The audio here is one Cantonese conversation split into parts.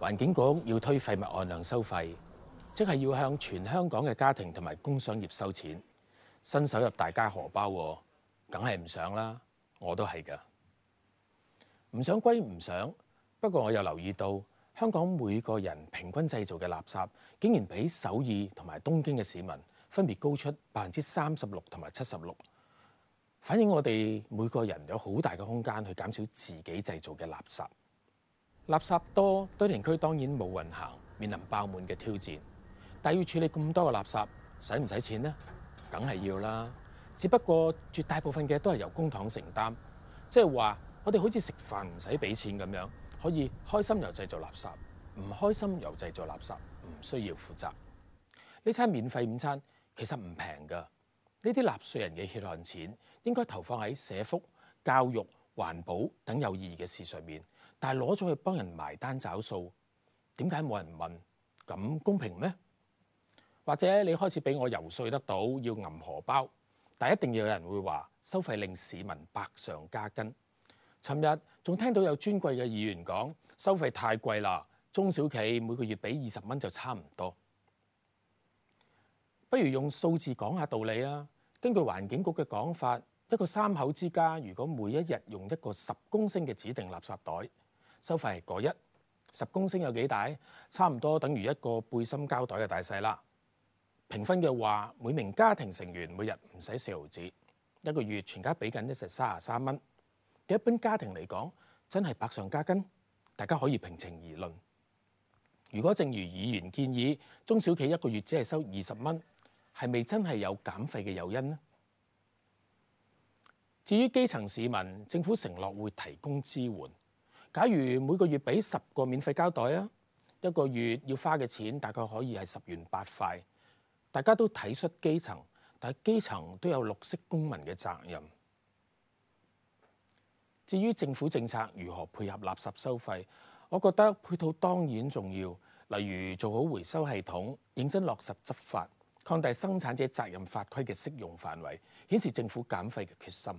環境局要推廢物按量收費，即係要向全香港嘅家庭同埋工商業收錢，伸手入大家荷包，梗係唔想啦。我都係噶，唔想歸唔想，不過我又留意到，香港每個人平均製造嘅垃圾，竟然比首爾同埋東京嘅市民，分別高出百分之三十六同埋七十六，反映我哋每個人有好大嘅空間去減少自己製造嘅垃圾。垃圾多，堆填區當然冇運行，面臨爆滿嘅挑戰。但要處理咁多嘅垃圾，使唔使錢呢？梗係要啦。只不過絕大部分嘅都係由公帑承擔，即係話我哋好似食飯唔使俾錢咁樣，可以開心又製造垃圾，唔開心又製造垃圾，唔需要負責呢餐免費午餐。其實唔平噶，呢啲納稅人嘅血汗錢應該投放喺社福、教育、環保等有意義嘅事上面，但係攞咗去幫人埋單找數，點解冇人問？咁公平咩？或者你開始俾我游説得到要銀荷包，但一定要有人會話收費令市民百上加斤。尋日仲聽到有尊貴嘅議員講收費太貴啦，中小企每個月俾二十蚊就差唔多。不如用數字講下道理啊！根據環境局嘅講法，一個三口之家如果每一日用一個十公升嘅指定垃圾袋，收費係嗰一十公升有幾大？差唔多等於一個背心膠袋嘅大細啦。平分嘅話，每名家庭成員每日唔使四毫紙，一個月全家俾緊一隻三十三蚊。對一般家庭嚟講，真係百上加斤，大家可以平情而論。如果正如議員建議，中小企一個月只係收二十蚊。係咪真係有減廢嘅誘因呢？至於基層市民，政府承諾會提供支援。假如每個月俾十個免費膠袋啊，一個月要花嘅錢大概可以係十元八塊。大家都體恤基層，但係基層都有綠色公民嘅責任。至於政府政策如何配合垃圾收費，我覺得配套當然重要，例如做好回收系統，認真落實執法，擴大生產者責任法規嘅適用範圍，顯示政府減廢嘅決心。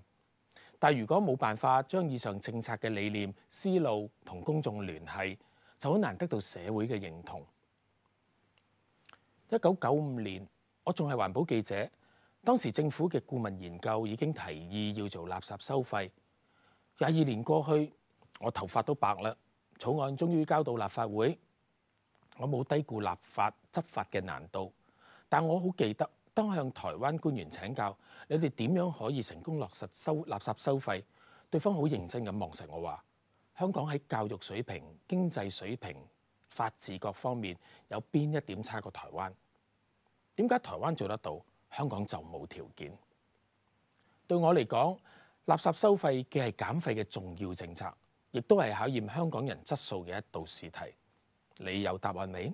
但係如果冇辦法將以上政策嘅理念、思路同公眾聯繫，就好難得到社會嘅認同。一九九五年，我仲係環保記者，當時政府嘅顧問研究已經提議要做垃圾收費。廿二年過去，我頭髮都白啦。草案終於交到立法會，我冇低估立法執法嘅難度。但我好記得，當我向台灣官員請教，你哋點樣可以成功落實收垃圾收費？對方好認真咁望實我話：香港喺教育水平、經濟水平、法治各方面有邊一點差過台灣？點解台灣做得到，香港就冇條件？對我嚟講，垃圾收費既係減費嘅重要政策，亦都係考驗香港人質素嘅一道試題。你有答案未？